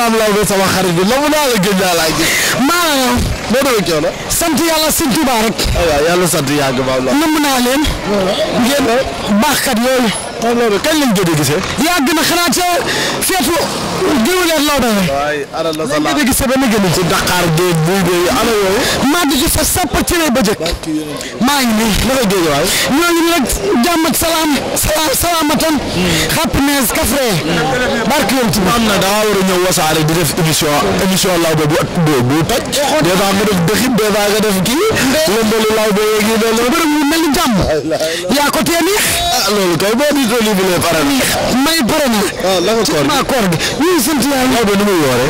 maam Lawbe sama xarit bi loolu naa la gëj naa laa gis. maanaam. moo doon coono. sant yàlla sant Tuubaa rek. Ah waaw yàlla sant yàgg maam Lawbe. nëmm naa leen. Ah. ngeen baaxkat yooyu. kon loolu kañ lañ gëj a gisee. yàgg na xanaa ca fépp jiwuleer loo doon. waaye alal la salaam lañ gëj a gisee ba mu gën a. ci Dakar géej buy géej ana yooyu. maa ngi ci sa sapp ci lay ba jëkk. maa ngi nii. naka géej waay. ñooñu nag jàmm ak salaam salaam salaamatan. happiness kafre. barke yoon ci am na daa war a ñëw wasaare di def émission émission lawbe bu at bu bu toj. des fois nga def dëxit des fois nga def kii. lëmbalu lawbe yeeg yi mel ni jàmm. yaa ko tee neex. ah loolu kay boo di too lii bu lay pare may pare ah, na ma koor gi ñu sant yàlla Maodo muy woore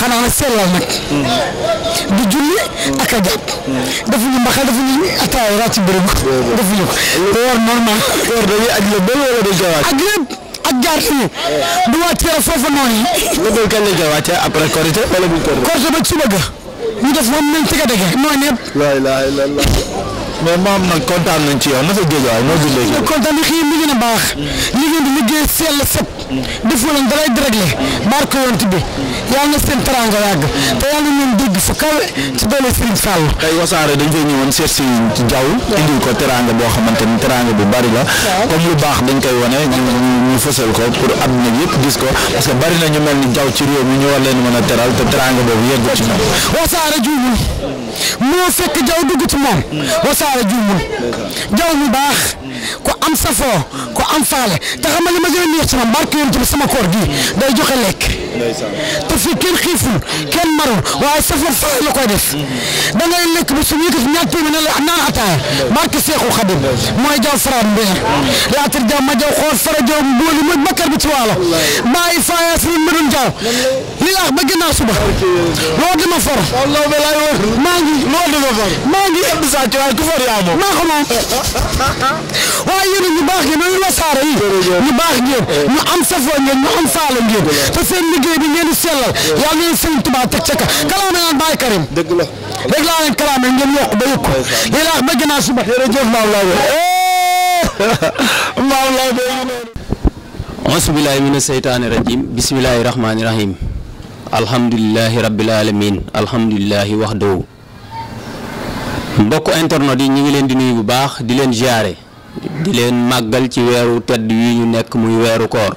xanaa nag sellal nag du julli ak a jàpp defuñu mbaxal defuñu ataaya ràcc bërëb defuñu ko woor normal woor dañuy aj la bël wala dañ koy wàcc ak lépp ak jaar fii du wàccee foofu noonu nga bëgg kañ lañ koy ah, après korité ba suba ga ñu def moom nañ tëgg a dëgg mais maam nag kontaan nañ ci yow na fa géej waay noo dundee ci yow. kontaan na xëy liggéey na baax. sell set. defoo leen dalay déréglé. barke bi. yàlla seen teraanga yàgg. te yàlla nañ dégg fu kawe. ci doole Serigne Fall. tey wasaare dañ fay ñëwoon seet si ci jaww. indil ko teraanga boo xamante ni teraanga bu bari la. comme lu baax dañ koy wane ñu ñu ko pour am na yëpp gis ko parce que bari na ñu mel ni jaww ci réew mi ñu war leen mën a teral te teraanga boobu yeggu ci ñoom. wasaare juumul. moo fekk jaw dugg ci moom mm. wasaare juumul jaw mu baax ku am ku am faale te xamal li ma gën a neex ci moom sama koor gi day joxe lekk te fii kenn xiiful kenn marul waaye safar fa la koy def da ngay lekk ba su yëkkati ñaar téeméer ne la naan ataaya barke Seexu Xadim mooy jaw faraan mbeer yaatar jaw ma jaw xool fara jaw booli mooy bakkar bi ci waalo bàyyi faayaas ni ma doon jaw li laax ba ginnaaw suba loo dama far maa ngi loo dama far maa ngi ëpp saa ci waaye ku far yaa moom maa ko moom waaye yéen ñu baax ngeen ñu wasaare yi ñu baax ngeen ñu am safoo ngeen ñu am faalo ngeen te seen liggéey liggéey bi ngeen di sellal rek laa leen kalaame ngeen yokk ba eh! bismillaahi rahmaani rahim alhamdulilahi rabbil alamin alhamdulilahi wax doowu mbokk internet yi ñu ngi leen di nuyu bu baax di leen ziare di leen màggal ci weeru tedd yi ñu nekk muy weeru koor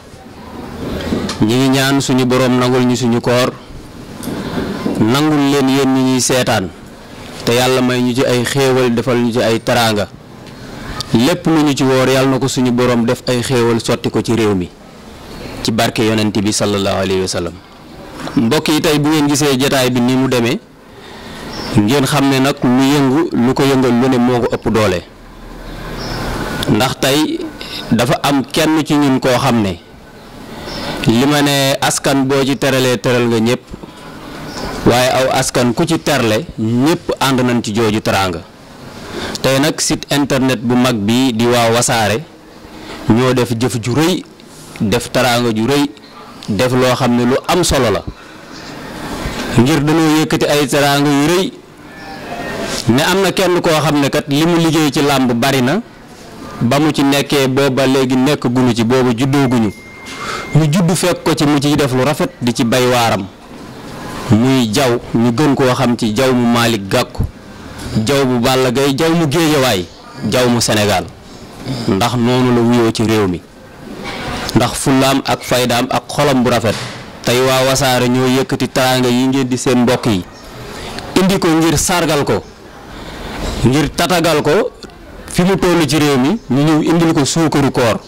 ñi ngi ñaan suñu boroom nangul ñu suñu koor nangul leen yéen ñi ñuy seetaan te yàlla may ñu ci ay xéewal defal ñu ci ay taraanga lépp lu ñu ci woor yàlla na ko suñu boroom def ay xéewal sotti ko ci réew mi ci barke yonent bi sallallahu alayhi wa yi tey bu ngeen gisee jataay bi ni mu demee ngeen xam ne nag lu yëngu lu ko yëngal lu ne moo ko ëpp doole ndax tey dafa am kenn ci ñun koo xam ne li ma ne askan boo ci teralee teral nga ñépp waaye aw askan ku ci terle ñépp ànd nañ ci jooju teraanga tey nag site internet bu mag bii di waa wasaare ñoo def jëf ju rëy def teraanga ju rëy def loo xam ne lu am solo la ngir dañoo yëkkati ay teraanga yu rëy ne am na kenn koo xam ne kat li mu liggéey ci làmb bari na ba mu ci nekkee booba léegi nekk gunu ci booba juddoo guñu ñu judd fekk ko ci mu ciy def lu rafet di ci bay waaram muy jaw ñu gën koo xam ci jaw mu Malick Gakou jaw bu Balla gay jaw mu Géejawaay jaw mu senegaal ndax noonu la wuyoo ci réew mi ndax fullaam ak faydaam ak xolam bu rafet tey waa wasaare ñoo yëkkati taraanga yi ngeen di seen mbokk yi indi ko ngir sargal ko ngir tatagal ko fi mu toll ci réew mi ñu ñëw indil ko suukaru koor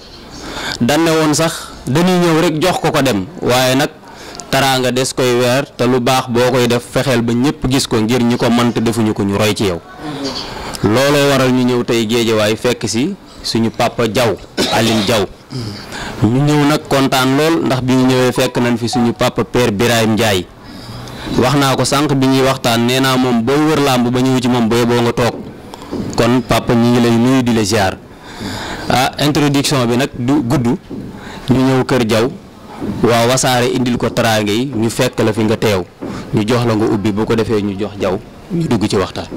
danne woon sax dañuy ñëw rek jox ko ko dem waaye nag taraanga des koy weer te lu baax boo koy def fexeel ba ñëpp gis ko ngir ñi ko mënta defuñu ko ñu roy ci yow looloo waral ñu ñëw tey géejawaay fekk si suñu papa Diaw Aline Diaw ñu nag kontaan lool ndax bi ñëwee fekk nañ fi suñu papa père Ndiaye wax naa ko sànq bi ñuy waxtaan nee naa moom boo wër làmb ba ñëw ci moom booy boo nga toog kon papa ñu lay nuyu di la ziar ah bi nag du gudd ñu ñëw kër jaw waaw wasaare indil ko taraange yi ñu fekk la fi nga teew ñu jox la nga ubbi bu ko defee ñu jox jaw ñu dugg ci waxtaan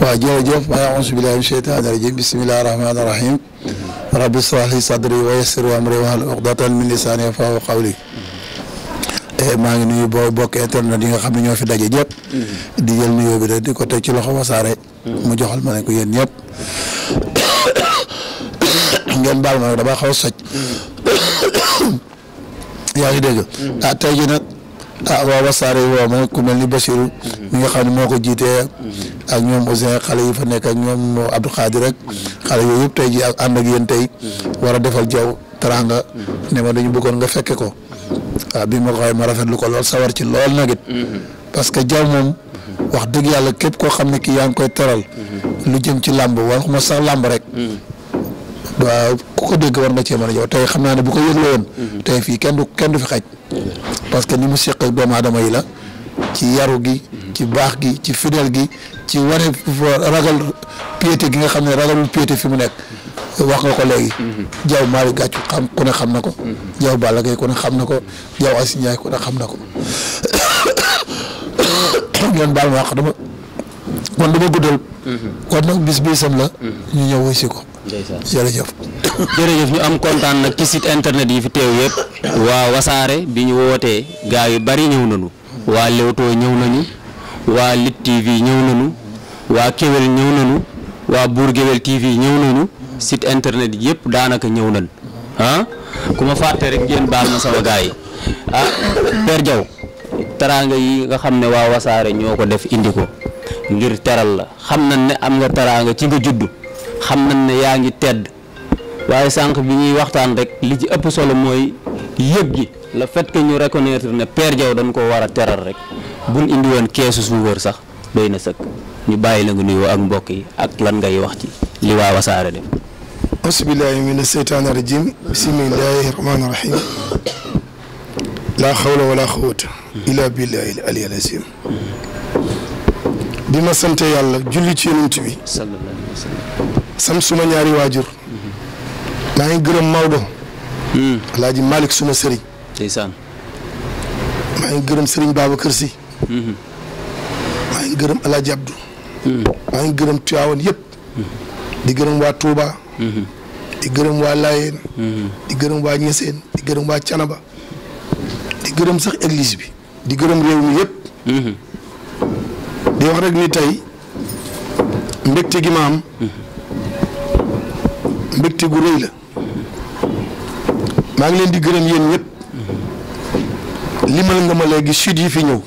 waa jërëjëf maa auzu billaahi mina sheytaani rajiim bismillaahi rahmaani rahiim rabbi israh li eh, ngi nuyu boo bokk na yi nga xam ne ñoo fi daje ñëpp di jël nuyoo bi rek di ko teg ci loxo wasaare mu joxal ma ne ko yéen ñëpp ngeen baal ma nag dama xaw soj yaa ngi dégg. Mm-hmm. ah tey jii nag ah waaw wasaare yi waaw ma ku mel ni Bachirou. Mm-hmm. mi nga xam ne moo ko jiitee. Mm-hmm. ak ñoom Ousin xale yi fa nekk ak ñoom Abdou Khadir rek. xale yooyu yëpp tey jii ak ànd ak yéen tey. war a defal jaww teraanga. ne ma dañu bëggoon nga fekke ko. waaw ah, bi ma ko waxee ma rafetlu ko lool sawar ci lool nag it. parce que jaww moom. wax dëgg yàlla képp koo xam ne kii yaa ngi koy teral lu jëm ci làmb waxuma sax làmb rek. waaw ku ko dégg war nga cee mën a jow tey xam naa ne bu ko yëgle woon mm-hmm. tey fii kenn du kenn du fi xaj mm-hmm. parce que ni mu seq ak doomu yi la ci yaru gi mm-hmm. ci baax gi ci fidel gi ci wane ragal piété gi nga xam ne ragalul piété fi mu nekk wax nga ko léegi jaw Malick Gathie xam ku ne xam na ko jaw Balla Gaye ku xam na ko jaw Asin Ndiaye ku ne xam na ko ngeen baal ma wax dama kon dama guddal kon nag bis bisam la ñu ñëw wuy si ko jërëjëf jërëjëf ñu am kontaan nag ci site internet yi fi teew yëpp waa wasaare bi ñu wootee gaa yu bari ñëw nañu waa Leewtoo ñëw nañu waa Lit TV ñëw nañu waa Kewel ñëw nañu waa Buur Gewel TV ñëw nañu site internet yëpp daanaka ñëw nañ ah ku ma fàtte rek ngeen baax na sama gaa yi ah Père Diaw taraanga yi nga xam ne waa wasaare ñoo ko def indi ko ngir teral la xam na ne am nga taraanga ci nga juddu xam nañ ne yaa ngi tedd waaye sànq bi ñuy waxtaan rek li ci ëpp solo mooy yëg gi la fait que ñu reconnaître ne Père dañ ko war a teral rek buñ indi woon keesu suukar sax doy na sëkk ñu bàyyi la nga nuyoo ak mbokk yi ak lan ngay wax ci li waa wasaare dem asbillahi mina seytaani rajim bismillahi rahmaani rahim laa xawla wala xuwata illa billahi aliy alasim bi ma sante yàlla julli ci yonent bi sam suma ñaari waajur maa ngi gërëm Maodo hmm. alaaji Malick suma sëriñ ndeysaan maa ngi gërëm sëriñ Babacar Si hmm. maa ngi gërëm alaaji Abdou hmm. maa ngi gërëm Tiwaawan yëpp di gërëm waa Touba di gërëm waa Layeen di gërëm waa Ñeseen di gërëm waa Canaba di gërëm sax église bi di gërëm réew mi yëpp di wax rek ni tey mbégte gi ma am mbégte gu rëy la maa ngi leen di gërëm yéen ñëpp limal nga ma léegi sud yi fi ñëw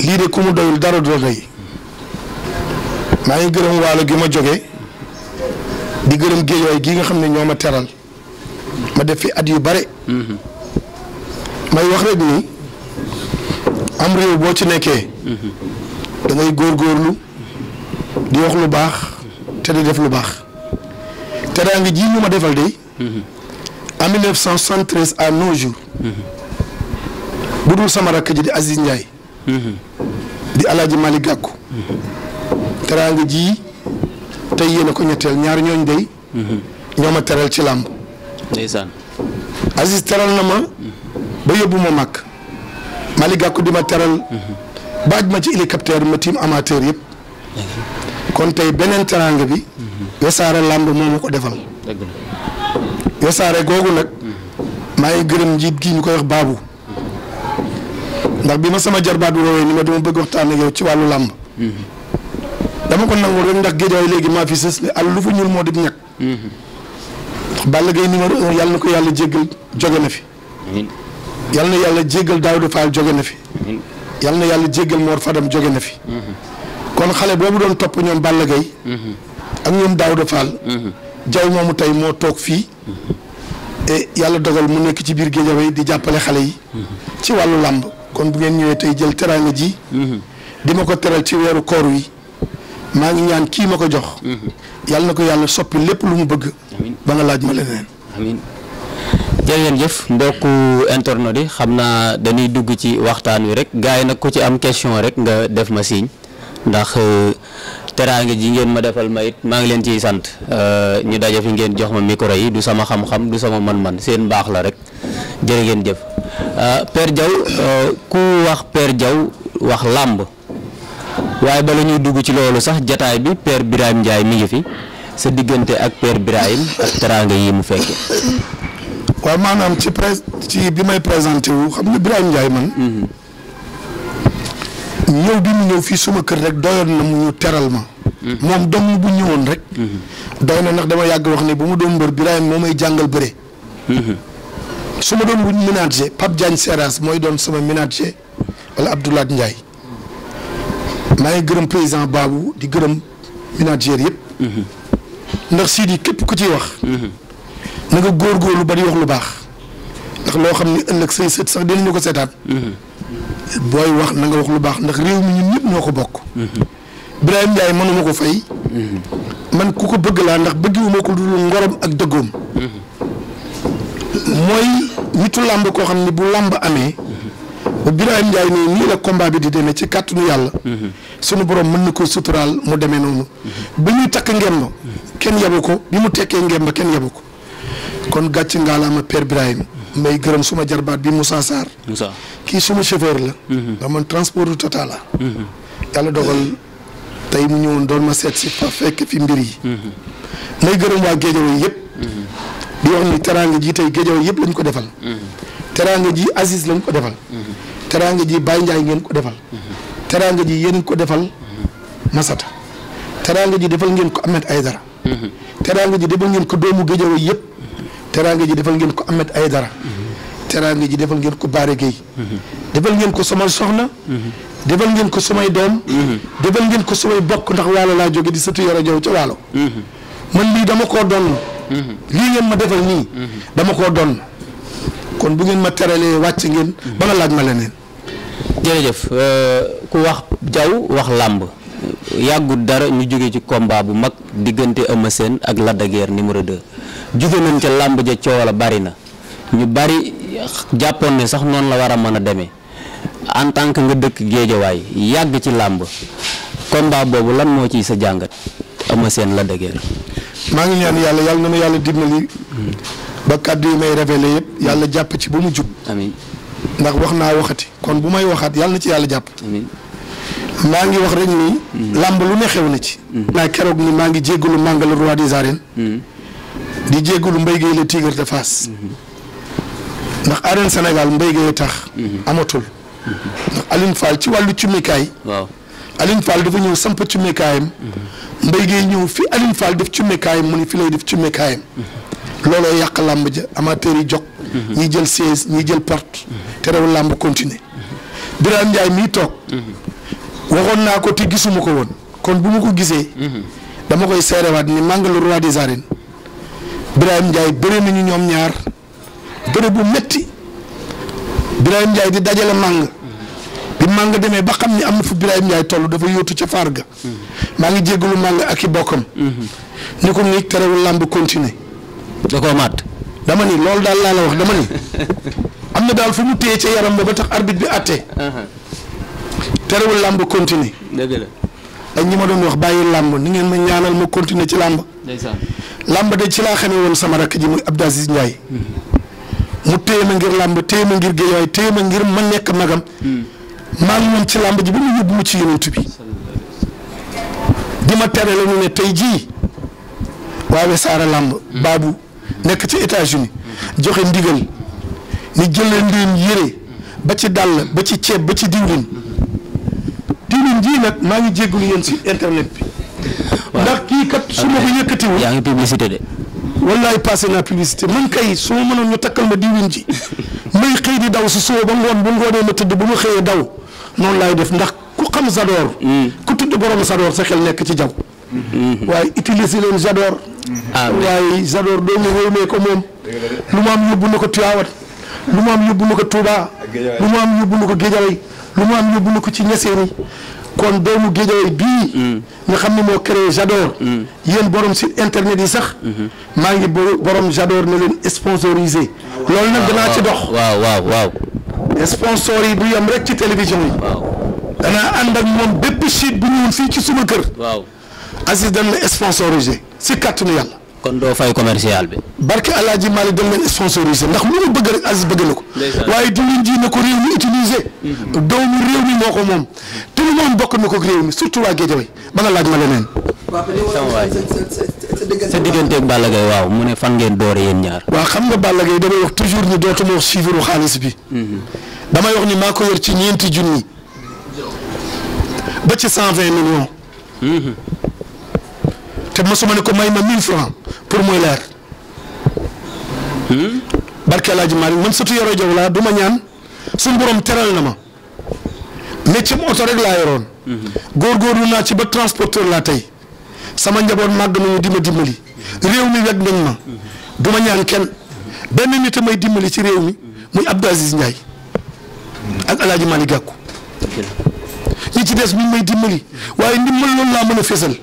lii de ku mu doyul dara du doy maa ngi gërëm waalo gi ma joge di gërëm géejawaay gi nga xam ne ñoo ma teral ma def fi at yu bare may wax rek ni am réew boo ci nekkee mhm. da góor góorlu di wax lu baax te di def lu baax teraanga ji ñu ma defal de. Mhm. en 1973 à nos jours. Mhm. bu dul sama rakk ji di Aziz Ndiaye. Mhm. di El Hadj Malick Gakou. teraanga ji tey yéen ko ñetteel ñaar ñooñu dey. ñoo ma teral ci làmb. ndeysaan. Aziz teral na ma. ba yóbbu ma mag. Malick Gakou di ma teral. baaj ma ci hélicoptère ma tiim amateur yëpp. kon tey beneen teraanga bi. wasaare làmb moo ko defal. dëgg googu nag. maa ngi gërëm njiit gi ñu koy wax baabu. ndax bi ma sama jarbaat woowee ni ma dama bëgg waxtaan yow ci wàllu làmb. dama ko nangul rek ndax géejawaay léegi maa fi sës ne lu fa ñuul moo di ñàkk. ndax mhm. Balla Gaye numéro un yàlla na ko yàlla jéggal joge na fi. yàlla na yàlla jéggal Daouda Fall jóge na fi. na yàlla jéggal Mor Fadam jóge na fi. Mhm. kon xale boobu doon topp ñoom Balla Gaye mhm. ak ñoom daaw Fall. Mhm. jaw moomu tey moo toog fii. Mhm. yàlla dogal mu nekk ci biir Guédiawaye di jàppale xale yi. Mhm. ci wàllu làmb kon bu ngeen ñëwee tey jël teraanga ji. di ma ko teral ci weeru koor wi maa ngi ñaan kii ma ko jox. yàlla na ko yàlla soppi lépp lu mu bëgg. ba nga laaj ma leneen. amiin jërëjëf mbokku internet yi xam naa dañuy dugg ci waxtaan wi rek gars yi nag ku ci am question rek nga def ma signe ndax. Euh, teraanga ji ngeen ma defal ma it maa ngi leen ciy sant euh, ñu daje fi ngeen jox ma micro yi du sama xam-xam du sama man-man seen baax la rek jërë ngeen jëf euh, Père Diaw euh, ku wax per Diaw wax làmb waaye bala ñuy dugg ci loolu sax jataay bi per Birahim Ndiaye mi ngi fi sa diggante ak Père Birahim ak teraanga yi mu fekke waaw maanaam ci pré ci bi may présenté wu xam nga Birahim Ndiaye man mm-hmm. ñëw bi ñëw fii suma kër rek doyoon na mu ñu teral ma. moom dong bu ñëwoon rek. doy na ndax dama yàgg wax ni bu ma doon mbër Birahim moo may jàngal bëre. su ma doon wuñ ménager Pape Diagne Seras mooy doon sama ménager wala Abdoulaye Ndiaye maa ngi gërëm paysan baabu di gërëm ménager yëpp. ndax sii di képp ku ciy wax. na góor góorgóorlu ba di wax lu baax ndax loo xam ne ëllëg say sët sax dinañu ko seetaan. booy wax na nga wax lu baax ndax réew mi ñun ñëpp ñoo ko bokk. Birahim Ndiaye mënuma ko fay. man ku ko bëgg laa ndax bëggiwuma ko dul ngorom ak dëggoom. mooy nitu làmb koo xam ne bu làmb amee. ba Birahim Ndiaye nii nii la combat bi di demee ci kàtt kàttanu yàlla. sunu borom mën na ko suturaal mu demee noonu. bi muy takk ngemb. kenn yabu ko bi mu tekkee ngemb kenn yabu ko kon gàcce ngaalaama Père Birahim. may gërëm suma jarbaat bi Moussa Sarr. Moussa kii suma chauffeur la. Mhm. ndax man transport total la. Mhm. yàlla dogal tey mu ñëwoon doon ma seet si fa fekk fi mbir yi. Mhm. may gërëm waa Géejawaay yëpp. di wax ni teraanga ji tey Géejawaay yëpp lañ ko defal. teraanga ji Aziz lañ ko defal. teraanga ji Baye Ndiaye ngeen ko defal. teraanga ji yéen ko defal Masata. teraanga ji defal ngeen ko ay Aïdara. teraanga ji defal ngeen ko doomu Géejawaay yëpp. teraanga ji defal ngeen ko Ahmed Aïdara teraanga ji defal ngeen ko Baare Gueye defal ngeen ko sama soxna defal ngeen ko samay doom defal ngeen ko samay bokk ndax waalo laa jóge di sëtu yoro jow ca waalo man lii dama koo doon lii ngeen ma defal nii dama koo doon kon bu ngeen ma teralee wàcc ngeen bala laaj ma leneen jërëjëf euh, ku wax jaw wax làmb yàggut dara ñu jóge ci combat bu mag diggante ama seen ak Lac de Guiers numéro 2 jóge nañ ca làmb ja coow la bari na ñu bari jàppoon ne sax noon la war a mën a deme en tant que nga dëkk géejawaay yàgg ci làmb combat boobu lan moo ciy sa jàngat ama seen la dëgër maa ngi ñaan yàlla yàlla na nu yàlla dimbali ba kàddu yi may révélé yëpp yàlla jàpp ci ba mu jub amiin ndax wax naa waxati kon bu may waxaat yàlla na ci yàlla jàpp maa ngi wax rek ni mm. làmb lu ne xew na ci mm. naa keroog ni maa ngi jéggalu lu roi des arènes mm. di jéggulu Mbaye Gueye le tigre de Fass ndax arène Sénégal Mbaye Gueye tax amatul ndax Aline Fall ci wàllu cummikaay waaw Aline Fall dafa ñëw samp cummikaayam Mbaye Gueye ñëw fi Aline Fall def cummikaayam mu ni fi lay def cummikaayam looloo yàq làmb ja amateur yi jog ñi jël siège ñi jël porte te rew làmb continue Birane Ndiaye mii toog waxoon naa ko te gisuma ko woon kon bu ma ko gisee mhm. dama koy seerewaat ni màngalu roi des arènes Birahim Ndiaye bëri nañu ñoom ñaar bëri bu metti Birahim njaay di dajale màng bi màng demee ba xam ni am na fu Birahim Ndiaye toll dafa yóotu ca faar ga maa ngi jéggalu màng ak i bokkam ni ko nit terewul làmb continuer da dama ni loolu daal laa la wax dama ni am na daal fu mu téye ci yaram bi ba tax arbitre bi àttee terewul làmb continuer dëgg la ak ñi ma doon wax bàyyi làmb ni ngeen ma ñaanal ma continuer ci làmb ndeysaan làmb de ci laa xamee woon sama rakk ji muy Abdou Aziz Ndiaye mu téye ma ngir làmb téye ma ngir géejawaay téye ma ngir ma nekk magam hmm. maa ngi moom ci làmb ji ba mu yóbbu ma ci yonent bi di ma tere la ne tey jii waa Wassare làmb hmm. baabu nekk ci États-Unis joxe ndigal ni jëlee ndiin yére ba ci dàll ba ci ceeb ba ci diwlin hmm. diwlin jii nag maa ngi jéggul yéen si internet bi ndax kii kat su ma ko yëkkatiwul. yaa ngi publicité de. wallaay passé naa publicité man kay su ma mënoon ñu takkal ma diwin ji may xëy daw si suba ba ngoon bu ngoonee ma tëdd bu ma xëyee daw noonu laay def ndax ku xam Zador. Hmm. ku tudd borom Zador sa xel nekk ci jaww. Hmm. waaye utiliser leen Zador. waaye Zador doomu réew mee ko moom. lu ma am yóbbu na ko Tivaouane lu ma am yóbbu na ko Touba. lu ma am yóbbu na ko Guédiawaye lu ma ko ci Niassène kon doomu Guédiawaye bii. Mm. nga xam ne moo créé Jador. Mm. yéen borom site internet yi sax. Mm-hmm. maa ngi borom Jador na leen sponsorisé. loolu nag danaa ci dox. waaw waaw waaw. sponsor yi bu yem rek ci télévision yi. danaa ànd ak moom bépp site bu ñëwoon fii ci suma kër. waaw Aziz dañ la sponsorisé si kàttanu yàlla. kon doo fay commercial bi. barke El Hadj Malick dañ leen sponsorisé ndax mu nga bëgg rek Aziz bëgg na ko. waaye dinañ ji na ko réew mi utilisé. Mm-hmm. doomu réew mi moo ko moom te lu moom bokk na ko réew mi surtout waa Guédiawaye ba nga laaj ma leneen. sa diggante ak Balla Gaye waaw mu ne fan ngeen doore yéen ñaar. waaw xam nga Balla Gaye damay wax toujours ni dootuma wax suivre xaalis bi. Mm-hmm. damay wax ni maa ko yor ci ñeenti junni. ba ci cent vingt millions. Mm-hmm. te mosuma ne ko may ma 1000 francs pour muy leer. Hmm? barke El Hadj Malick man surtout yoro jaw laa du ma ñaan su borom teral na ma métier mu oto rek laa yoroon. Hmm. góorgóorlu naa ci ba transporteur laa tey sama njaboot màgg nañu di ma dimbali réew mi weg nañ ma hmm. du ma ñaan kenn benn nit may dimbali ci réew mi muy Abdou Aziz Ndiaye ak El Hadj Malick ñi ci des ñu ngi may dimbali waaye ndimbal loolu laa mën a fésal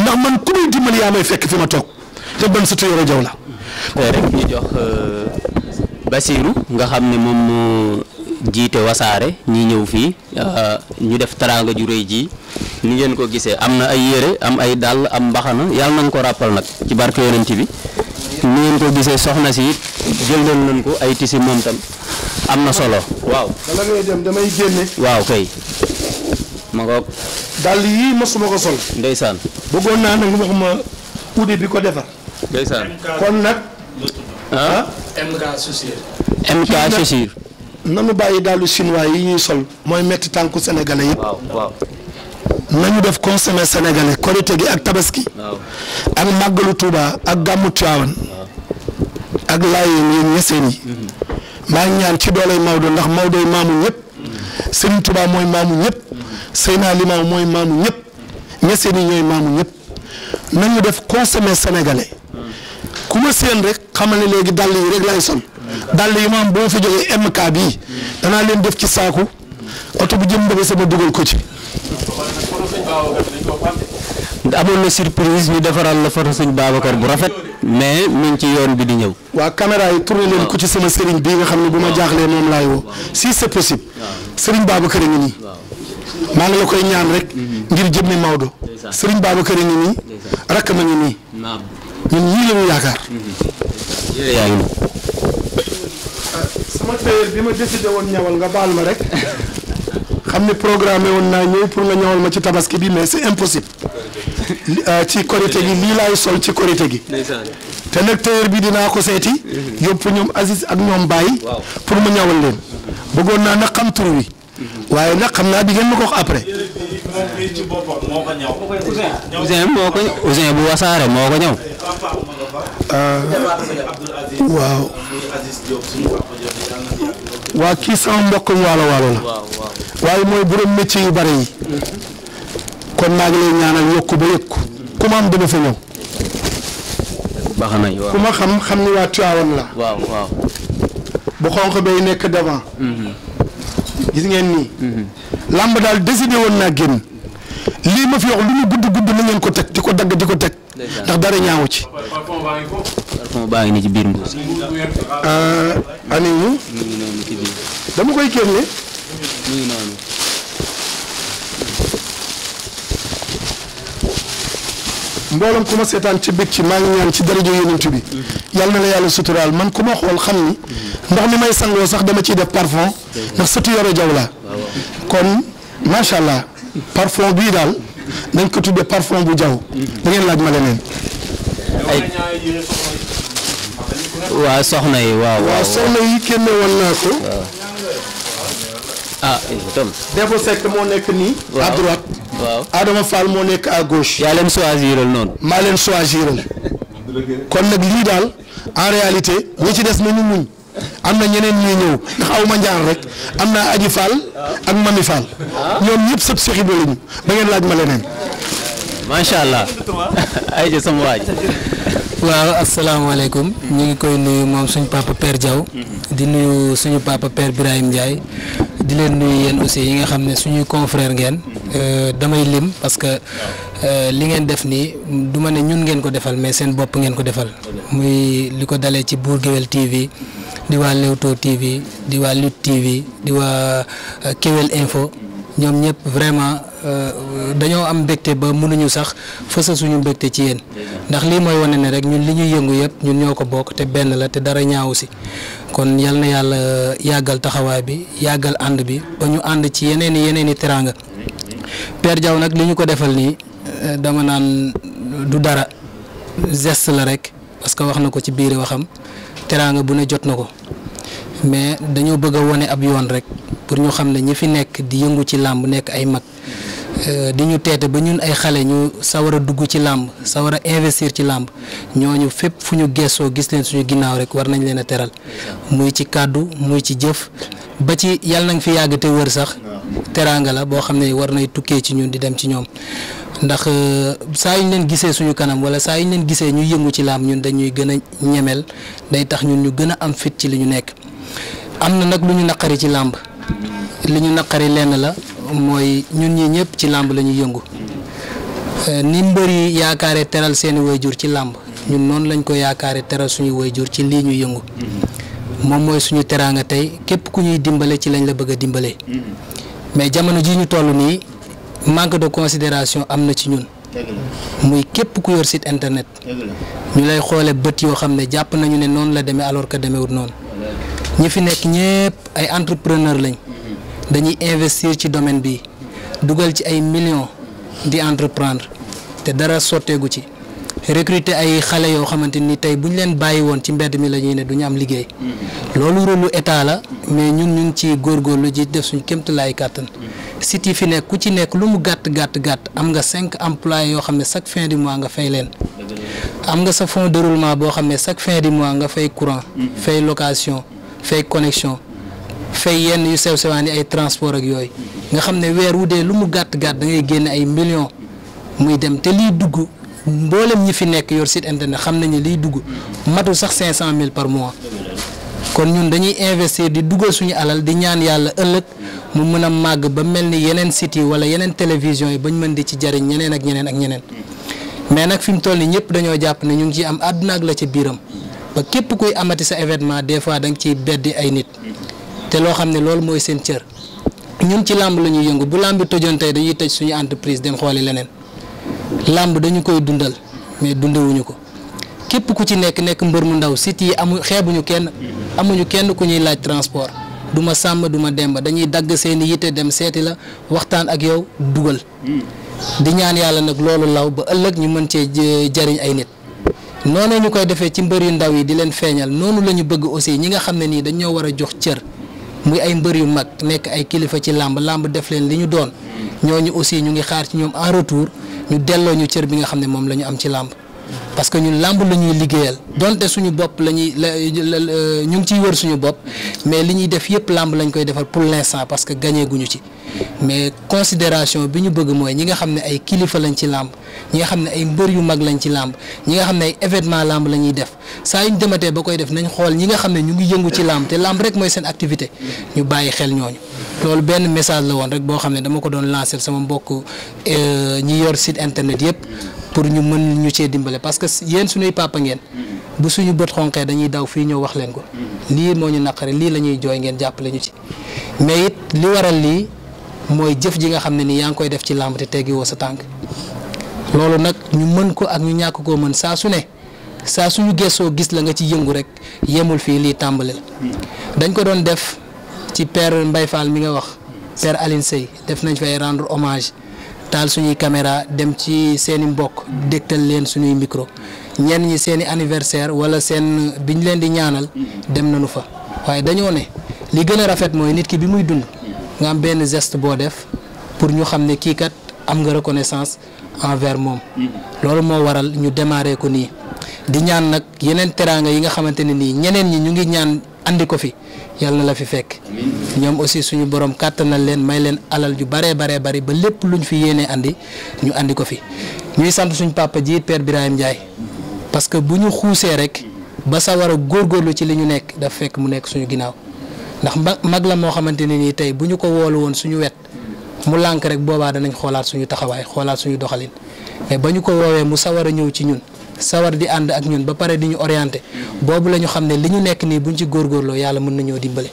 ndax man ku muy dimbali yaa may fekk fi ma toog te ban sëtu Yoro Jaw la. Eh, rek ñu jox euh, Basirou nga xam ne moom moo jiite wasaare ñi ñëw fii euh, ñu def taraanga ju rëy ji ni ngeen ko gisee am na ay yére am ay dàll am mbaxana yàlla nañ ko ràppal nag ci barke yonent bi ni ngeen ko gisee soxna si it jël nañ ko ay tisi moom tam am na solo waaw kay. ma ngoog. dàll yii mosuma ko sol. bëggoon naa nag wax ma ude bi ko defar. ndeysaan kon nag. Ah? nanu bàyyi dàllu chinois yi ñuy sol. mooy metti tànku sénégalais yëpp. nañu def consommé sénégalais korité gi ak tabaski. ak màggalu Touba ak gàmmu Tiwaawan. ak laayeen yi ñeseen yi. Mhm. maa ñaan ci dooley Maodo ndax Maodo maamu ñëpp. Mhm. Serigne Touba mooy maamu ñëpp. naa Limaamu mooy maamu ñëpp ñeseen yi ñooy maamu ñëpp nañu def consommer sénégalais ku ma seen rek xamal ne léegi dàll yi rek laay sol dàll yi maam boo fi jógee MK bi danaa leen def ci saaku oto bu jëm mbëbë sama dugal ko ci amoon na surprise ñu defaral la photo sëñ Babacar bu rafet mais mi ngi ci yoon bi di ñëw. waa caméra yi tourné leen ko ci sama sëriñ bii nga xam ne bu ma jaaxlee moom laay woo si c'est possible sëriñ Babacar a nii. maa ngi la koy ñaan rek mhm. ngir jëmmi Maodo Serigne Babacar a ngi nii rakk ma ngi nii ñun ñii la yaakaar. Mhm. sama tailleur bi ma décidé woon ñawal nga baal ma rek xam ne programme woon naa ñëw pour nga ñawal ma ci tabaski bi mais c'est impossible euh, ci korite gi lii laay sol ci korite gi te nag tailleur bi dinaa ko seeti mhm. yóbbu ñoom Aziz ak ñoom Baye pour mu ñawal leen bëggoon naa nag xam tur wi. waaye nag xam naa di ngeen ma ko après. Ouzin moo ko Ouzin bu wasaare moo ko ñëw. Ah, waaw. waa kii sama mbokkum waalo waalo la. waaye mooy borom métier yu bari kon maa ngi lay ñaanal yokku ba yëkku ku am dama fa ñëw. baax nañ waaw xam xam ni waa Tivaouane la. bu xonq bay nekk devant. Mhm. gis ngeen nii. làmb daal décidé woon naa génn lii ma fi wax lu mu gudd gudd na ngeen ko teg di ko dagg di ko teg. ndax dara ñaawu ci. parfum baa ngi ni ci biir mbuus. Euh, ani ñu. dama koy génne. mbooloom ku ma seetaan ci bëgg ci maa ngi ñaan ci daraja yonent bi yàlla na la yàlla suturaal man ku ma xool xam ni ndox mi may sangoo sax dama ciy def parfum ndax sëtu yoro jaw la kon macha allah parfum bii daal dañ ko tuddee parfum bu jaw da laaj ma leneen ay waaw soxna yi waaw soxna yi kenn woon naa ko ah sekk moo nekk nii à waaw Adama Fall moo nekk a gauche. yaa leen choisiral noonu. maa leen choisiral kon nag lii daal en réalité ñu ci des nañu muñ am na ñeneen ñuy ñëw ndax aw ma njaar rek am na Aji Fall ak Mami Fall ah. ñoom ñëpp sëb Seex Ibra lañu ba ngeen laaj ma leneen. macha allah ay jë sama waaj waaw asalaamaaleykum mm-hmm. ñu ngi koy nuyu moom suñu papa Père Diaw mm-hmm. di nuyu suñu papa Père Birahim Ndiaye di leen nuyu yéen aussi yi nga xam ne suñu confrère ngeen mm-hmm. euh, damay lim parce que euh, li ngeen def nii du ma ne ñun ngeen ko defal mais seen bopp ngeen ko defal muy li ko dalee ci Bour Gueweul TV di waa Leewtoo TV di waa Lutte TV di waa euh, Kewel Info ñoom ñëpp vraiment Euh, dañoo am mbégte ba mënuñu sax fësal suñu mbégte ci yéen ndax lii mooy wone ne rek ñun li ñuy yëngu yëpp ñun ñoo ko bokk te benn la te dara ñaaw si kon yal na yàlla yàggal taxawaay bi yàggal ànd bi ba ñu ànd ci yeneen i yeneen i teraanga per Diaw nag li ñu ko defal nii euh, dama naan du dara geste la rek parce que wax na ko ci biir waxam teraanga bu ne jot na ko mais dañoo bëgg a wone ab yoon rek pour ñu xam ne ñi fi nekk di yëngu ci làmb nekk ay mag Euh, di ñu teete ba ñun ay xale ñu sawar a dugg ci làmb sawar a investir ci làmb ñooñu fépp fu ñu gessoo gis leen suñu ginnaaw rek war nañ leen a teral muy ci kàddu muy ci jëf ba ci yàlla nañ fi yàgg te wër sax teraanga la boo xam ne war nay tukkee ci ñun di dem ci ñoom ndax euh, saa yu ñu leen gisee suñu kanam wala saa yu ñu leen gisee ñu yëngu ci làmb ñun dañuy gën a ñemel day tax ñun ñu gën a am fit ci li ñu nekk am na nag lu ñu naqari ci làmb li ñu naqari lenn la mooy ñun ñi ñëpp ci làmb la ñuy yëngu eh, ni mbër yi yaakaare teral seeni jur ci làmb ñun noonu lañ ko yaakaare teral suñu wayjur ci lii ñu yëngu mm-hmm. moom mooy suñu teraanga tey képp ku ñuy dimbale ci lañ la bëgg a dimbale mm-hmm. mais jamono ji ñu toll nii manque de considération am na ci ñun muy képp ku yor site internet ñu lay xoole bët yoo xam ne jàpp nañu ne noonu la demee alors que demewut noonu ñi fi nekk ñëpp ay entrepreneur lañ dañuy investir ci domaine bi dugal ci ay millions di entreprendre te dara sotteegu ci recruter ay xale yoo xamante ni tey bu leen bàyyi woon ci mbedd mi la ñuy ne duñu am liggéey mm-hmm. loolu rôlu état la mais ñun ñu ngi ciy góorgóorlu ji def suñu kéemtalaay kàttan mm-hmm. site yi fi nekk ku ci nekk lu mu gàtt gàtt gàtt am nga cinq employés yoo xam ne chaque fin du mois nga fay leen am nga sa fonds de roulement boo xam ne chaque fin du mois nga fay courant mm-hmm. fay location fay connexion fay yenn yu sew sewaan yi ay transport ak yooyu nga xam ne weer wu dee lu mu gàtt gàtt da ngay génne ay millions muy dem te liy dugg mboolem ñi fi nekk yor site internet xam nañu liy dugg matul sax cinq cent mille par mois kon ñun dañuy investir di dugal suñu alal di ñaan yàlla ëllëg mu mën a màgg ba mel ni yeneen sites yi wala yeneen télévision yi ba mën di ci jariñ ñeneen ak ñeneen ak ñeneen mais nag fi mu toll nii ñëpp dañoo jàpp ne ñu ngi ciy am àdduna la ca biiram képp kuy amati sa événement des fois da nga ciy beddi ay nit. te loo xam ne loolu mooy seen cër ñun ci làmb la ñuy yëngu bu làmb bi tëjoon tey dañuy tëj suñu entreprise dem xooli leneen làmb dañu koy dundal mais dundewuñu ko képp ku ci nekk nekk mbër mu ndaw siti yi amu xeebuñu kenn amuñu kenn ku ñuy laaj transport du ma sàmm duma demba dañuy dagg seen i yitte dem seeti la waxtaan ak yow dugal di ñaan yàlla nag loolu law ba ëllëg ñu mën cee jariñ ay nit noonu ñu koy defee ci mbër yu ndaw yi di leen feeñal noonu la ñu bëgg aussi ñi nga xam ne nii dañoo war a jox cër muy ay mbër yu mag nekk ay kilifa ci làmb làmb def leen li ñu doon ñoo ñu aussi ñu ngi xaar ci ñoom en retour ñu delloo ñu cër bi nga xam ne moom la ñu am ci làmb parce que ñun làmb la ñuy liggéeyal donte suñu bopp la ñuy la ñu ngi ciy wër suñu bopp mais li ñuy def yëpp làmb lañ koy defal pour l'instant parce que gagné guñu ci mais considération bi ñu bëgg mooy ñi nga xam ne ay kilifa lañ ci làmb ñi nga xam ne ay mbër yu mag lañ ci làmb ñi nga xam ne ay événement làmb la ñuy def saa yu ñu dematee ba koy def nañ xool ñi nga xam ne ñu ngi yëngu ci làmb te làmb rek mooy seen activité ñu bàyyi xel ñooñu. loolu benn message la woon rek boo xam ne dama ko doon lancer sama mbokk euh, ñi yor site internet yëpp. pour ñu mën ñu cee dimbale parce que yéen suñuy papa ngeen mm-hmm. bu suñu bët xonqee dañuy daw fii ñëw wax leen ko mm-hmm. lii moo ñu naqare lii la ñuy jooy ngeen jàppale ñu ci mais it li waral lii mooy jëf ji nga xam ne nii yaa ngi koy def ci làmb te woo sa tànk loolu nag ñu mën ko ak ñu ñàkk koo mën saa su ne saa suñu gëstoo gis la nga ci yëngu rek yemul fii lii tàmbali la mm-hmm. dañ ko doon def ci per Mbaye mi nga wax père Aline Seye def nañ fay rendre hommage taal suñuy caméra dem ci seen i mbokk dégtal leen suñuy micro ñenn ñi seen i anniversaire wala seen biñ leen di ñaanal dem nañu fa waaye dañoo ne li gën a rafet mooy nit ki bi muy dund nga am benn gest boo def pour ñu xam ne kii kat am nga reconnaissance envers moom loolu moo waral ñu démarré ko nii di ñaan nag yeneen teraanga yi nga xamante ne nii ñeneen ñi ñu ngi ñaan andi ko fi yàlla na la fi fekk ñoom aussi suñu borom kàttana leen may leen alal yu baree baree bari ba lépp lu ñu fi yéene andi ñu andi ko fi ñuy sant suñu papa ji Père Birahim Ndiaye parce que bu ñu xuusee rek ba sawara war a ci li ñu nekk daf fekk mu nekk suñu ginnaaw ndax mag la moo xamante ne nii tey bu ñu ko woolu woon suñu wet mu lànk rek boobaa danañ xoolaat suñu taxawaay xoolaat suñu doxalin mais ba ñu ko woowee mu sawar a ñëw ci ñun sawar di ànd ak ñun ba pare di ñu orienté boobu la ñu xam ne li ñu nekk nii bu buñ ci góor góorloo yàlla mën nañoo dimbale.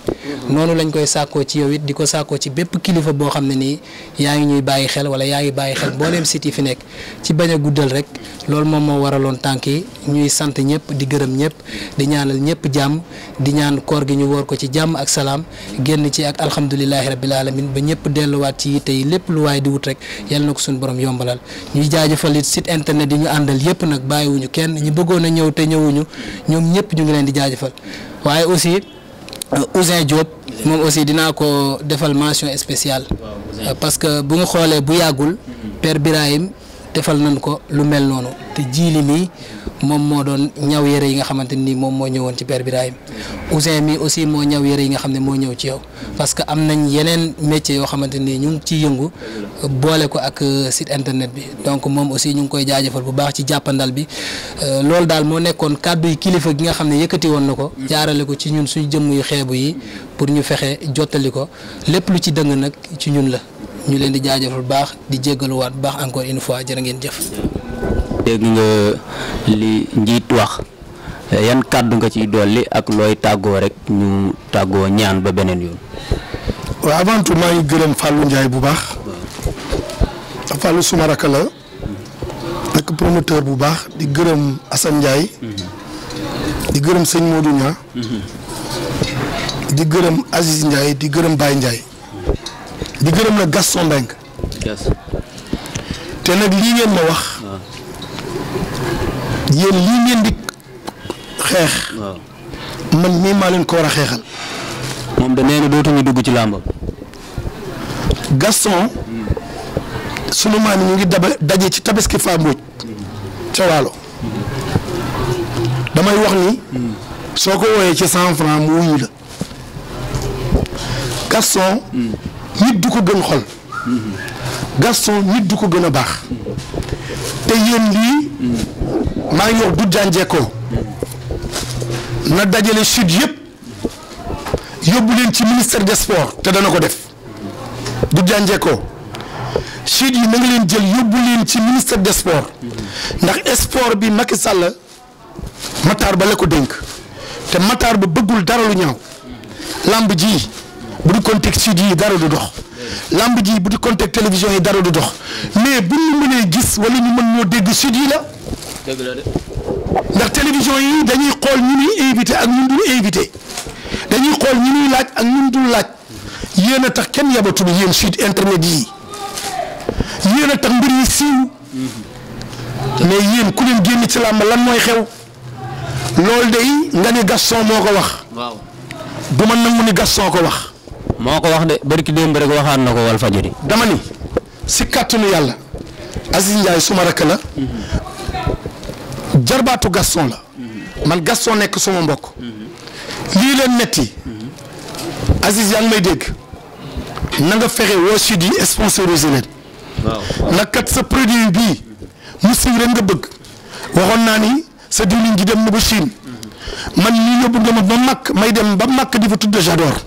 noonu lañ koy sàkkoo ci yow it di ko sàkkoo ci bépp kilifa boo xam ne nii yaa ngi ñuy bàyyi xel wala yaa ngi bàyyi xel mbooleem site yi fi nekk ci bañ a guddal rek loolu moom moo waraloon tànk yi ñuy sant ñëpp di gërëm ñëpp di ñaanal ñëpp jàmm di ñaan koor gi ñu woor ko ci jàmm ak salaam génn ci ak alhamdulilahi rabbil alamin ba ñëpp delluwaat ci yitte lépp lu waaye wut rek yàlla na ko suñu borom yombalal ñuy wuñu kenn ñi bëggoon a ñëw te ñëwuñu ñoom ñëpp ñu ngi leen di jaajëfal waaye aussi euh, Ousin Diop moom aussi dinaa ko defal mention spéciale euh, parce que bu nga xoolee bu yàggul mm-hmm. Père Birahim defal nañ ko lu mel noonu te jiili mi moom moo doon ñaw yére yi nga xamante ni moom moo ñëwoon ci Père Birahim Ousin mii aussi moo ñaw yére yi nga xam ne moo ñëw ci yow parce que am nañ yeneen métier yoo xamante ni ñu ngi ciy yëngu boole ko ak euh, site internet bi donc moom aussi ñu ngi koy jaajëfal bu baax ci jàppandal bi euh, loolu daal moo nekkoon kàddu yi kilifa gi nga xam ne yëkkati woon na ko jaarale ko ci ñun suñu jëmm yu xeebu yi pour ñu fexe jottali ko lépp lu ci dëng nag ci ñun la ñu leen di lu baax di jéggaluwaat baax encore une fois jërë ngeen jëf. dégg nga li njiit wax yan kàddu nga ciy dolli ak looy tàggoo rek ñu tàggoo ñaan ba beneen yoon. waaw avant maa ngi gërëm Fallou Ndiaye bu baax. Fallou suma rakk la. nekk promoteur bu baax di gërëm Assane Ndiaye. di gërëm sëñ Modou Niang. di gërëm Aziz Ndiaye di gërëm Baye Ndiaye. di gërëm na Gaston Mbengue te nag lii ngeen ma wax ah. yéen lii ngeen di xeex ah. man mii maa leen ko war a xeexal moom da nee dugg ci làmb Gaston sunu maam yi ñu ngi daba daje ci tabaski faa mbuuj ca waalo damay wax ni soo ko wooyee ci cent franc mu wuyu la Gaston hmm. nit du ko gën xol Gaston nit du ko gën a baax te yéen lii maa ngi wax du jànjeekoo na dajale chute yëpp yóbbu leen ci ministère des sports te dana ko def du jànjeekoo chute yi na leen jël yóbbu leen ci ministère des sports ndax sport bi Macky sàll Matar ba la ko dénk te Matar ba bëggul dara lu ñaaw lamb ji bu di contact sud yi dara du dox lamb ji bu di contact télévision yi dara du dox mais bu ñu mënee gis wala ñu man moo dégg sud yi la. ndax télévision yi dañuy xool ñu ñuy invité ak ñun duñu invité dañuy xool ñu ñuy laaj ak ñun duñu laaj yéen a tax kenn yabatul yéen sud internet yi yéen a tax mbir yi siiw mais yéen ku leen génn ci làmb lan mooy xew loolu de nga ne Gaston moo ko wax. waaw du ma nangu ni Gaston ko wax. moo ko wax de barki démb rek waxaat na ko wal fajiri dama ni si kàttanu yàlla Aziz Ndiaye suma rakk la jarbaatu Gaston la man Gaston nekk suma mbokk lii leen metti Aziz yaa ngi may dégg na nga fexe woo sud yi sponsorisé leen na kat sa produit bii mu siiw nga bëgg waxoon naa ni sa diwlin gi dem na ba Chine man ñu yóbbu nga ma may dem ba makk di fa tudde j'adore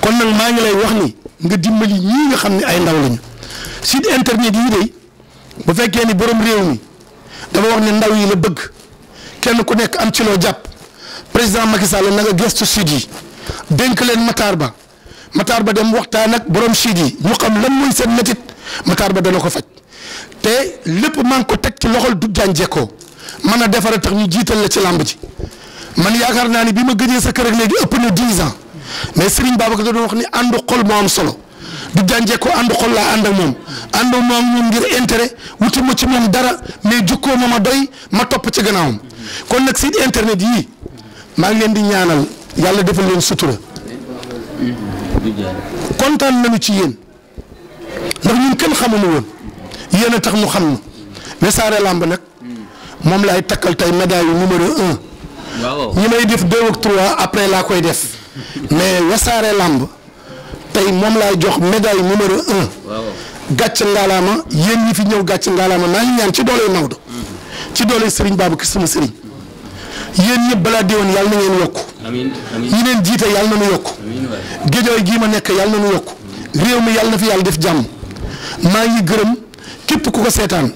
kon nag maa ngi lay wax ni nga dimbali ñii nga xam ne ay ndaw lañu site internet yi de bu fekkee ni borom réew mi dafa wax ne ndaw yi la bëgg kenn ku nekk am ci loo jàpp président Macky Sall na nga gestu sud yi dénk leen Matar Ba Matar Ba dem waxtaan ak borom siit yi ñu xam lan mooy seen métit Matar Ba dana ko faj te lépp maa ngi ko teg ci loxol du jànjeekoo mën a defara tax ñu jiital la ci làmb ji. man yaakaar naa ni bi ma gëjee sa kër ak léegi ëpp na di ans mais Serigne Babacar da doon wax ni àndu xol moo am solo du jànjee ko àndu xol laa ànd ak moom ànd ak moom ngir intérêt wuti ma ci moom dara mais jukkoo ma ma doy ma topp ci gannaawam kon nag site internet yii maa ngi leen di ñaanal yàlla defal leen sutura kontaan nañu ci yéen ndax ñun kenn xamuñu woon yéen a tax ñu xam na mais Wassare nag moom laay takkal tey médaille numéro un. ñu may def deux ak trois après laa koy def mais wasaare làmb tey moom laay jox médaille numéro un. gàcc ngaalaama yéen ñi fi ñëw gàcc ngaalaama maa ngi ñaan ci doole Maodo. Mm-hmm. ci doole Serigne ki suma Serigne. yéen ñëpp balaa déwén yàlla na ngeen yokku. amiin neen ñi leen yàlla na nu yokk géejooy gii ma nekk yàlla na nu yokk réew mi yàlla na fi yàlla def jàmm. maa ngi gërëm képp ku ko seetaan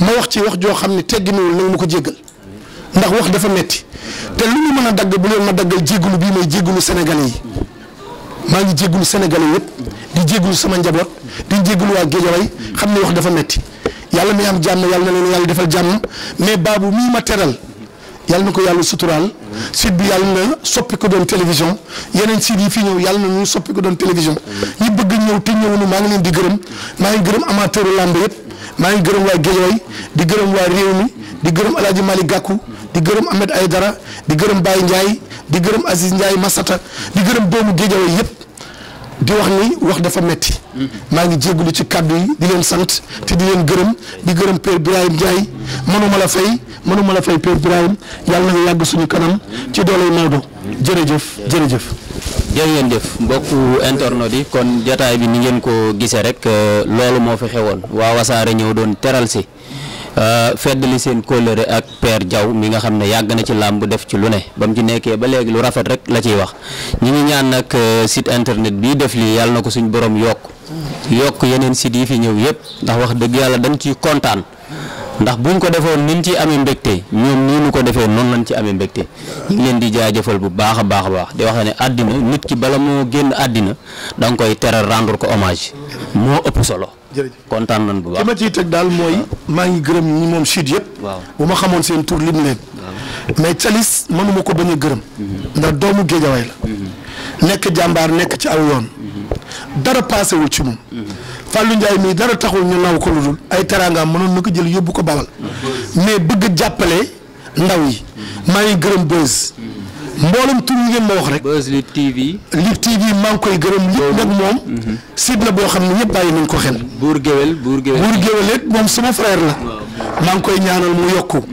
ma wax ci wax joo xam ne tegginuwul nag ma ko jéggal ndax wax dafa metti te lu mu mën a dagg bu leen ma daggal jégalu bii may jégalu Sénégalais yi maa ngi jégalu Sénégalais yëpp di jégalu sama njaboot di jégalu waa Guédiawaye xam ne wax dafa metti yàlla mi am jàmm yàlla na leen yàlla defal jàmm mais baabu mii ma teral yàlla na ko yàlla suturaal site bi yàlla na soppi ko doon télévision yeneen site yi fii ñëw yàlla na ñu soppi ko doon télévision ñi bëgg ñëw te ñëwunu maa ngi leen di gërëm maa ngi gërëm amateuru làmb yëpp gërëm waa Guédiawaye di gërëm waa di gërëm Alaaji Malick Gakou di gërëm ay dara di gërëm Baye Ndiaye di gërëm Aziz Ndiaye Massata di gërëm doomu Géejawaay yëpp di wax ni wax dafa metti maa ngi jégalu ci kàddu yi di leen sant te di leen gërëm di gërëm Père Birahim Ndiaye mënuma la fay mënuma la fay Père Birahim yàlla na nga yàgg suñu kanam ci doole Maodo jërëjëf ngeen jërëjëf mbokku internet yi kon jataay bi ni ngeen ko gisee rek euh, loolu moo fi xewoon waa wasaare ñëw doon teral si Euh, feddali seen kóllëre ak Père Diaw mi nga xam ne yàgg na ci làmb def ci lu ne ba mu ci nekkee ba léegi lu rafet rek la ciy wax ñi ngi ñaan nag euh, sit internet bii def lii yàlla na ko suñ borom yokk yokk yeneen site yi fi ñëw yëpp ndax wax dëgg yàlla dañ ciy kontaan ndax buñ ko defoon niñ ci amee mbégte ñoom nii ñu ko defee noonu lañ ci amee mbégte ñu leen di jaajëfal bu baax a baax a baax di wax ne àddina nit ki bala moo génn àddina danga koy teral rendre ko hommage moo ëpp solo jërëjëf kontaan nañ bu baax li ma ciy teg daal mooy. maa ngi gërëm ñi moom chute yëpp. waaw bu ma xamoon seen tur lim leen. mais Thialis mënuma ko bañ a gërëm. Mhm. ndax doomu géejawaay la. Mhm. nekk jàmbaar nekk ci aw yoon. Mhm. dara paasewul ci moom. Fallou Ndiaye mii dara taxul ñu naw ko lu dul ay teraangaam mënoon na ko jël yóbbu ko bawal. mais bëgg jàppale ndaw yi. maa ngi gërëm Boise. mboolem tur yi ngeen ma wax rek. Buzz Lutte TV. Lutte TV maa ngi koy gërëm. lépp nag moom. Mhm. site la boo xam ne ñëpp bàyyi nañ ko xel. buur géwél buur géwél. buur géwél it moom sama frère la. maa ngi koy ñaanal mu yokk mhm.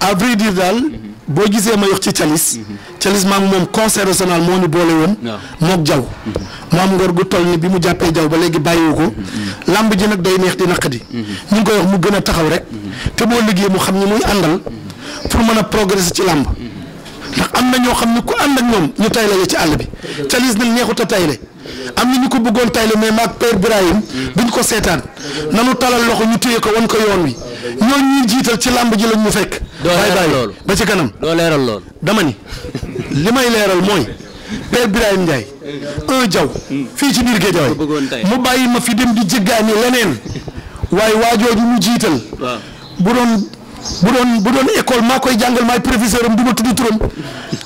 à vrai daal. Mhm. boo gisee ma yox ci calis calis maa ngi moom conseil moo ni boole woon mook jaw mu am ngor gu toll ni bi mu jàppee jaw ba léegi bàyyiwu ko làmb ji nag day neex di naqadi ñu ngi koy wax mu gën a taxaw rek te boo liggéey mu xam ñi muy àndal pour mën a progresser ci làmb ndax am na ñoo xam ne ku ànd ak ñoom ñu tayle la ci àll bi calis nag neexut a tayle am na ñu ko bëggoon tayle mais maag Père Birahim duñ ko seetaan nanu talal loxo ñu téye ko wan ko yoon wi ñooñu ñuy jiital ci làmb ji mu fekk. bàyyi bàyyi ba ci kanam doo leeral lool dama ni li may leeral mooy Père Birahim Ndiaye un jaw fii ci biir Géejawaay mu bàyyi ma fi dem di jéggaani leneen waaye waa waajooju mu jiital bu doon bu doon bu doon école maa koy jàngal maay professeur am du ma tudd turam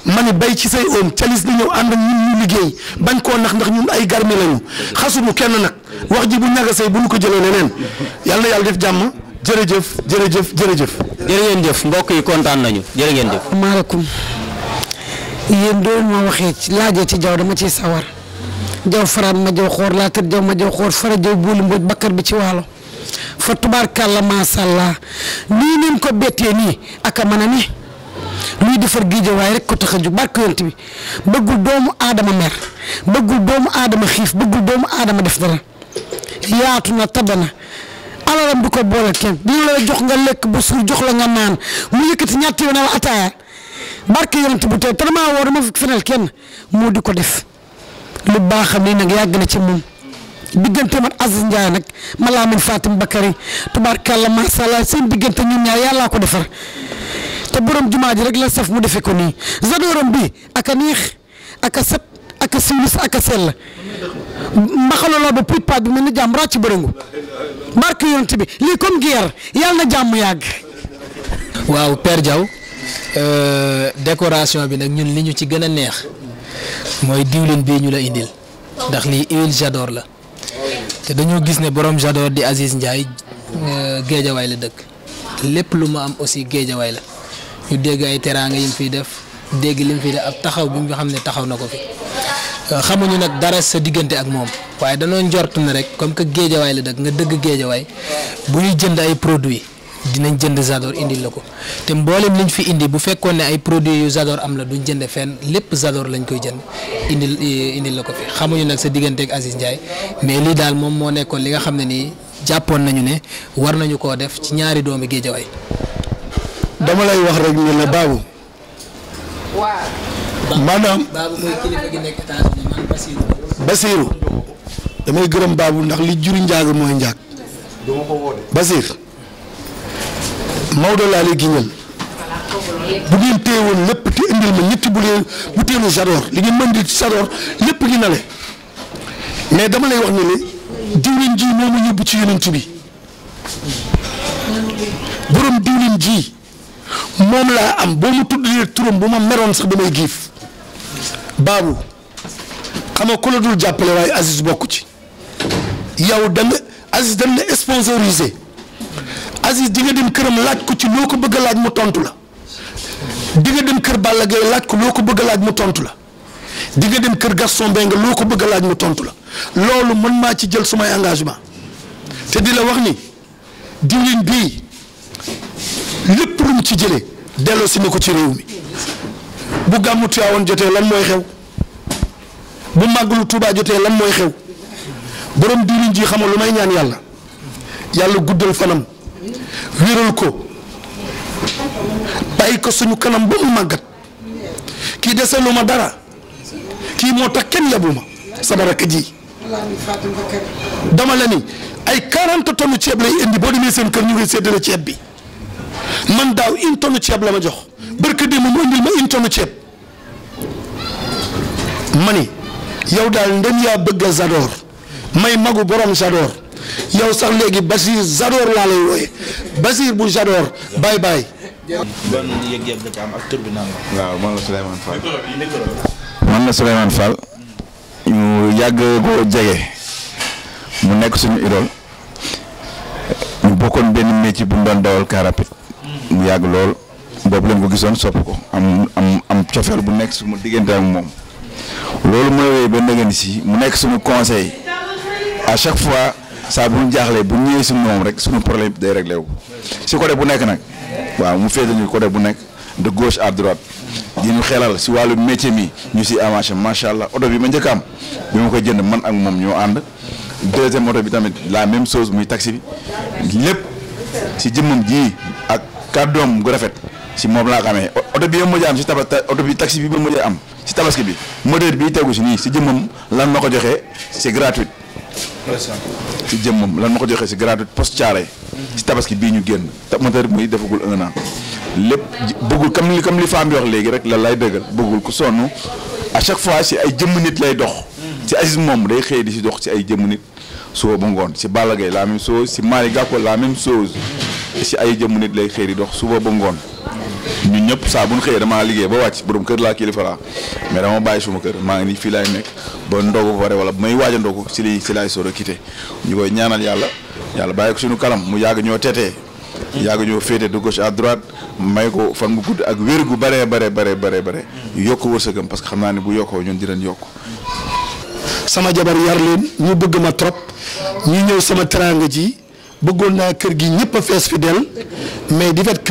man ne bay ci say oom calis di ñëw ànd ak ñu liggéey bañ koo nax ndax ñun ay garmi lañu xasuñu kenn nag wax ji bu ñagasee bu ñu ko jëlee leneen yàlla na yàlla def jàmm jërëjëf jërëjëf jërëjëf. jërë ngeen jëf mbokk yi kontaan nañu jërë ngeen jëf. maaleykum yéen doon ma ci laajee ci jaww dama ciy sawar jaw faraan ma jaw xoor laa tër jaw ma jaw xoor fara jaw buuli mboj bakkar bi ci waalo. fa tubaarkàlla macha allah nii nin ko bettee nii ak a mën a ne luy defar géejawaay rek ko tax a jug barke yonent bi bëggul doomu aadama mer bëggul doomu aadama xiif bëggul doomu aadama def dara yaatu na tabe na alalam du ko boole kenn dina la jox nga lekk bu suur jox la nga naan mu yëkkati ñetti yoon la ataaya barke yonent bu tey te damaa woo dama fenel kenn moo di ko def lu baaxam ni nag yàgg na ci moom. diggante man Aziz Ndiaye nag ma laa mën Fatim Bakary tubaarkàlla macha allah seen diggante ñun ñaar yàllaa ko defar te borom jumaa ji rek la saf mu defee ko nii zadooram bi ak a neex ak a set ak a siwlis ak a sell mbaxalaloo ba puuj paaj bi mel ni jàmm ràcc bërëngu barke yonent bi lii comme guerre yàlla na jàmm yàgg. waaw Père Diaw euh, décoration bi nag ñun li ñu ci gën a neex mooy diwlin bii ñu la indil ndax lii huile j'adore la. te dañoo gis ne borom Jador di Aziz Ndiaye euh, géejawaay la dëkk lépp lu mu am aussi géejawaay la ñu dégg ay teraanga yi mu fiy def dégg li mu fiy def ab taxaw bi nga xam ne taxaw na ko fi euh, xamuñu nag dara sa diggante ak moom waaye danoo njort na rek comme que géejawaay la dëkk nga dëgg géejawaay bu ñuy jënd ay produits. dinañ jënd Zador indil la ko te mboolem liñ fi indi bu fekkoon ne ay produits yu Zador am la duñ jënd fenn lépp Zador lañ koy jënd indil eh, indil la ko fi xamuñu nag sa digganteeg Aziz Ndiaye mais lii daal moom moo nekkoon li nga xam ne nii jàppoon nañu ne war nañu koo def ci ñaari doomi Géejawaay. dama lay wax rek ne la baabu. waaw. maanaam. baabu damay gërëm baabu ndax li juri njaag mooy njaag. Basir. Maodo laa léegi giñal bu ngeen téye woon lépp te indil ma ñetti bu leen bu teelu Zador ngeen mën di Zador lépp gi na le mais dama lay wax ne ne diwlin ji moo ma bi borom diwlin ji moom laa am boo ma tuddee turam bu ma meroon sax damay giif baabu xam nga ku la dul jàppale waaye Aziz bokku ci yow da nga Aziz dañ la sponsorisé. Aziz di nga dem këram laaj ko ci loo ko bëgg laaj mu tontu la di nga dem kër Balla Gaye laaj ko loo ko bëgg a laaj mu tontu la di nga dem kër Gaston Mbengue loo ko bëgg laaj mu tontu la loolu mën maa ci jël sumay engagement te di la wax ni diwlin bii lépp lu ci jële delloo si na ko ci réew mi bu gàmmu Tiwaawan jotee lan mooy xew bu màggalu Tuubaa jotee lan mooy xew borom diwlin ji xamul lu may ñaan yàlla yàlla guddal fanam. wéral ko bàyyi ko suñu kanam ba mu màggat kii deseelu ma dara kii moo tax kenn yabu ma sama ji dama la ni ay 40 tonnes ceeb lay indi boo demee seen kër ñu ngi séddale ceeb bi man daaw une tonne ceeb la ma jox barke démb mu indil ma une tonne ceeb ma ni yow daal ndem yaa bëgga a may magu borom Zador. yow sax léegi Basir Jador laa lay wooye bu Jador bay bay. ban ci am ak tur la. waaw man la Souleymane Fall. man yàgg ko jege. mu nekk suñu idole. ñu bokkoon benn métier bu mu doon dawal car rapide. mu yàgg lool. boobu lañ ko gisoon sopp ko am am cofeel bu nekk suma diggante ak moom. loolu mooy wéy ba nëgën si mu nekk suñu conseil à chaque fois. saa bu ñu jaaxlee bu ñëwee suñu moom rek suñu problème day réglé wu si côté bu nekk nag waaw mu féete ñu côté bu nekk de gauche à droite di ñu xelal si wàllu métier mi ñu si avancé macha allah oto bi ma njëkk am bi ma ko jënd man ak moom ñoo ànd deuxième oto bi tamit la même chose muy taxi bi lépp si jëmmam ji ak kàddoom gu rafet si moom laa xamee oto bi ma mujj am si tabaski oto bi taxi bi ma mujj am si tabaski bi moteur bi tegu si nii si jëmmam lan ma ko joxee c'est gratuit. ci jëmmam lan ma ko joxee si gratuite post Thiaroye si tabaski bii ñu génn moteur muy defagul un an lépp bëggul comme li comme li femme bi wax léegi rek lan lay dëggal bëggul ku sonn à chaque fois si ay jëmm nit lay dox si Aziz moom day xëy di si dox si ay jëmm nit soo ba ngoon si Balla Gaye la même chose si Malick Gakou la même chose si ay jëmm nit lay xëy di dox suba ba ngoon ñun ñëpp saa bu ñu xëyee damaa liggéey ba wàcc borom kër laa kilifa laa mais dama bàyyi suma kër maa ngi ni fii laay nekk ba ndogu ba pare wala may waaj ndogu si li si laay ñu koy ñaanal yàlla yàlla bàyyi ko suñu kanam mu yàgg ñoo tetee yàgg ñoo féete de gauche à droite may ko fan bu gudd ak wér gu bare bare bare bare bare yokk wërsëgam parce que xam naa ne bu yokkoo ñun dinañ yokk sama jabar yar leen ñu bëgg ma trop ñu ñëw sama teraanga ji bëggoon naa kër gi ñëpp a fees fi del di fait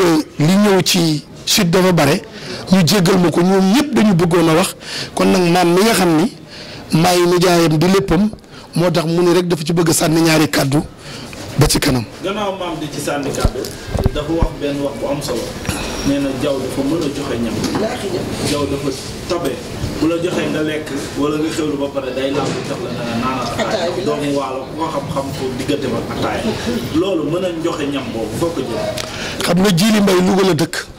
chute dafa bare ñu jéggal ma ko ñoom ñëpp dañu bëggoon a wax kon nag maam mi nga xam ni maay nijaayam di léppam moo tax mu ne rek dafa ci bëgg sànni ñaari kàddu ba ci kanam. gannaaw maam di ci sànni kàddu dafa benn bu am solo nee na jaww dafa mën a joxe ñam jaww dafa tabe bu la joxee nga lekk wala nga xewlu ba pare day laal lu tax la dana naan ataaya doomu ba loolu mën a joxe ñam boobu foo ko jël. xam nga jiili mbay Louga la dëkk.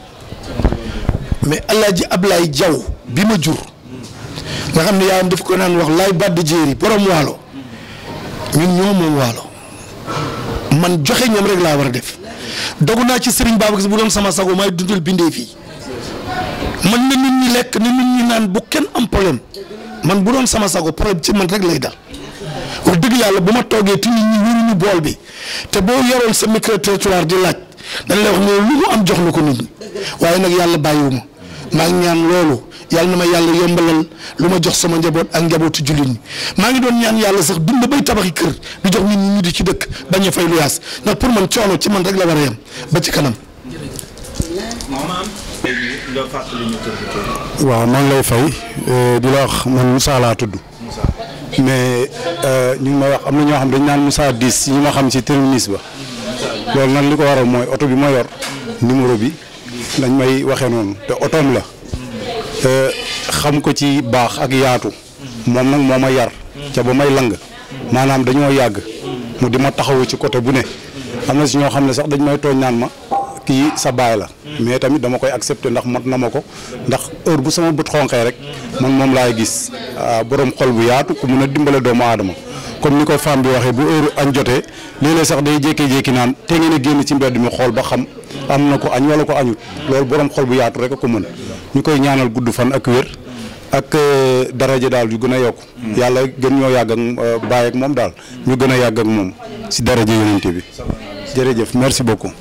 mais Alaaji Ablaye Diaw bi ma jur nga xam ne yaayam daf ko naan wax laay bàdd jéeri borom waalo ñun ñoo waalo man joxe ñam rek laa war a def dogu naa ci Serigne Babacar bu doon sama sago may dundal bindee fii man na nit ñi lekk na nit ñi naan bu kenn am problème man bu doon sama sago problème ci man rek lay dal wax dëgg yàlla bu ma toogee te nit ñi wéruñu bool bi te boo yoroon sa micro territoire di laaj. dañ lay wax ne lu mu am jox na ko nit ñi waaye nag yàlla bàyyiwuma maa ngi ñaan loolu yàlla na ma yàlla yombalal lu ma jox sama njaboot ak njabootu jullit ñi maa ngi doon ñaan yàlla sax bind bay tabaxi kër di jox ñu di ci dëkk bañ a fay lu yaas ndax ci man rek la war a ci kanam. waaw man lay euh, la wax man Moussa laa tudd. mais euh, ngi ma am na ñoo xam dañ naan Moussa 10 ma xam ci terminus ba. loolu nag li ko waral mooy oto bi ma yor numéro bi dañ may waxe noonu te otoom la xam ko ci baax ak yaatu moom nag moo ma yar ca ba may lang maanaam dañoo yàgg mu di ma taxawu ci côté bu ne am na si ñoo xam ne sax dañ may tooñ naan ma kii sa baay la mais tamit dama koy accepté ndax mat na ma ko ndax heure bu sama bët xonqee rek man moom laay gis ah, borom xol bu yaatu ku mun a dimbale doomu aadama comme ni ko femme bi waxee bu heure añ jotee léeg lay sax day jékki-jékki naan te ngeen a génn ci mbedd mi xool ba xam am na ko añ wala ko añut loolu borom xol bu yaatu rek a ko mën ñu koy ñaanal gudd fan ak wér ak euh, daraja daal yu gën a yokk yàlla gën ñoo yàgg ak euh, bàyyi moom daal ñu gën a yàgg ak si daraja yonente bi jërëjëf merci beaucoup